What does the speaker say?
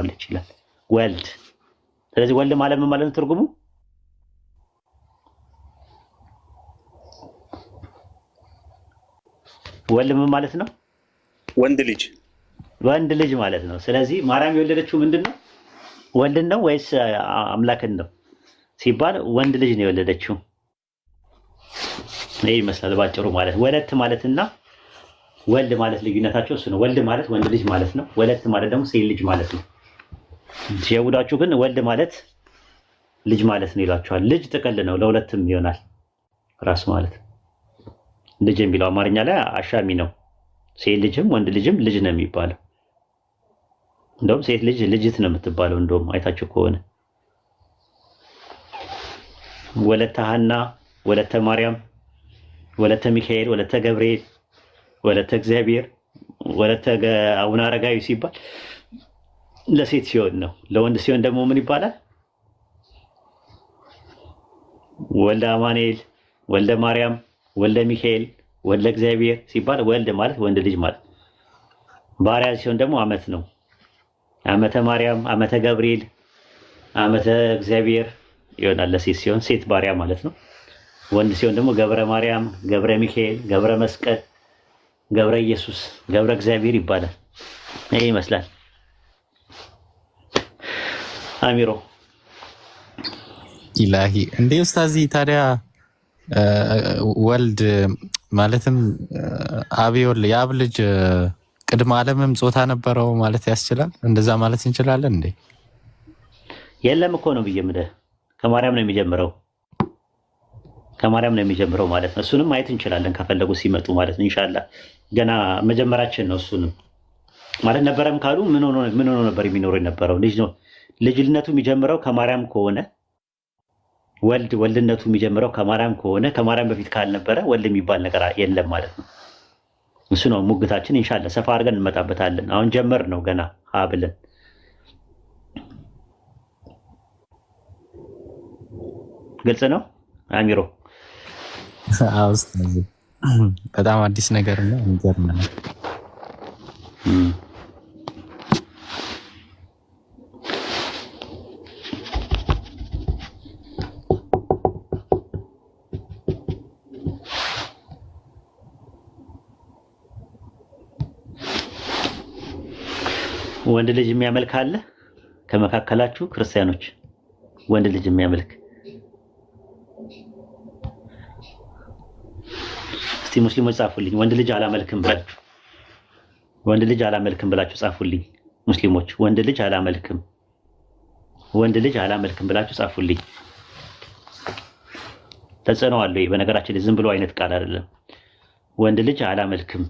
ትባላለች ይላል ወልድ። ስለዚህ ወልድ ማለት ምን ማለት ነው? ትርጉሙ ወልድ ምን ማለት ነው? ወንድ ልጅ ወንድ ልጅ ማለት ነው። ስለዚህ ማርያም የወለደችው ምንድን ነው? ወልድን ነው ወይስ አምላክን ነው ሲባል ወንድ ልጅ ነው የወለደችው። ይህ ይመስላል ባጭሩ ማለት ወለት ማለትና ወልድ ማለት ልዩነታቸው እሱ ነው። ወልድ ማለት ወንድ ልጅ ማለት ነው። ወለት ማለት ደግሞ ሴት ልጅ ማለት ነው። የይሁዳችሁ ግን ወልድ ማለት ልጅ ማለት ነው ይሏቸዋል። ልጅ ጥቅል ነው፣ ለሁለትም ይሆናል ራስ ማለት ልጅ የሚለው አማርኛ ላይ አሻሚ ነው። ሴት ልጅም ወንድ ልጅም ልጅ ነው የሚባለው። እንደውም ሴት ልጅ ልጅት ነው የምትባለው። እንደውም አይታችሁ ከሆነ ወለተ ሐና፣ ወለተ ማርያም፣ ወለተ ሚካኤል፣ ወለተ ገብርኤል፣ ወለተ እግዚአብሔር፣ ወለተ አቡነ አረጋዊ ሲባል ለሴት ሲሆን ነው። ለወንድ ሲሆን ደግሞ ምን ይባላል? ወልደ አማኑኤል፣ ወልደ ማርያም፣ ወልደ ሚካኤል፣ ወልደ እግዚአብሔር ሲባል ወልድ ማለት ወንድ ልጅ ማለት። ባሪያ ሲሆን ደግሞ አመት ነው። አመተ ማርያም፣ አመተ ገብርኤል፣ አመተ እግዚአብሔር ይሆናል ለሴት ሲሆን፣ ሴት ባሪያ ማለት ነው። ወንድ ሲሆን ደግሞ ገብረ ማርያም፣ ገብረ ሚካኤል፣ ገብረ መስቀል፣ ገብረ ኢየሱስ፣ ገብረ እግዚአብሔር ይባላል። ይሄ ይመስላል። አሚሮ ኢላሂ እንዴ ኡስታዚ ታዲያ ወልድ ማለትም አብዮል የአብ ልጅ ቅድመ ዓለምም ጾታ ነበረው ማለት ያስችላል? እንደዛ ማለት እንችላለን እንዴ? የለም እኮ ነው ብዬ ከማርያም ነው የሚጀምረው፣ ከማርያም ነው የሚጀምረው ማለት ነው። እሱንም ማየት እንችላለን ከፈለጉ ሲመጡ ማለት ነው። ኢንሻላህ ገና መጀመራችን ነው እሱንም ማለት ነበረም ካሉ ምን ሆኖ ነበር የሚኖሩ የነበረው? ልጅ ነው። ልጅነቱ የሚጀምረው ከማርያም ከሆነ ወልድ ወልድነቱ የሚጀምረው ከማርያም ከሆነ ከማርያም በፊት ካልነበረ ወልድ የሚባል ነገር የለም ማለት ነው። እሱ ነው ሙግታችን። ኢንሻላ ሰፋ አድርገን እንመጣበታለን። አሁን ጀመር ነው ገና ሀ ግልጽ ነው አሚሮ በጣም አዲስ ነገር ነው። የሚገርም ነው። ወንድ ልጅ የሚያመልክ አለ ከመካከላችሁ? ክርስቲያኖች ወንድ ልጅ የሚያመልክ እስቲ ሙስሊሞች ጻፉልኝ። ወንድ ልጅ አላመልክም ብላችሁ ወንድ ልጅ አላመልክም ብላችሁ ጻፉልኝ። ሙስሊሞች ወንድ ልጅ አላመልክም ወንድ ልጅ አላመልክም ብላችሁ ጻፉልኝ። ተጽዕኖ አለው። በነገራችን ዝም ብሎ አይነት ቃል አይደለም። ወንድ ልጅ አላመልክም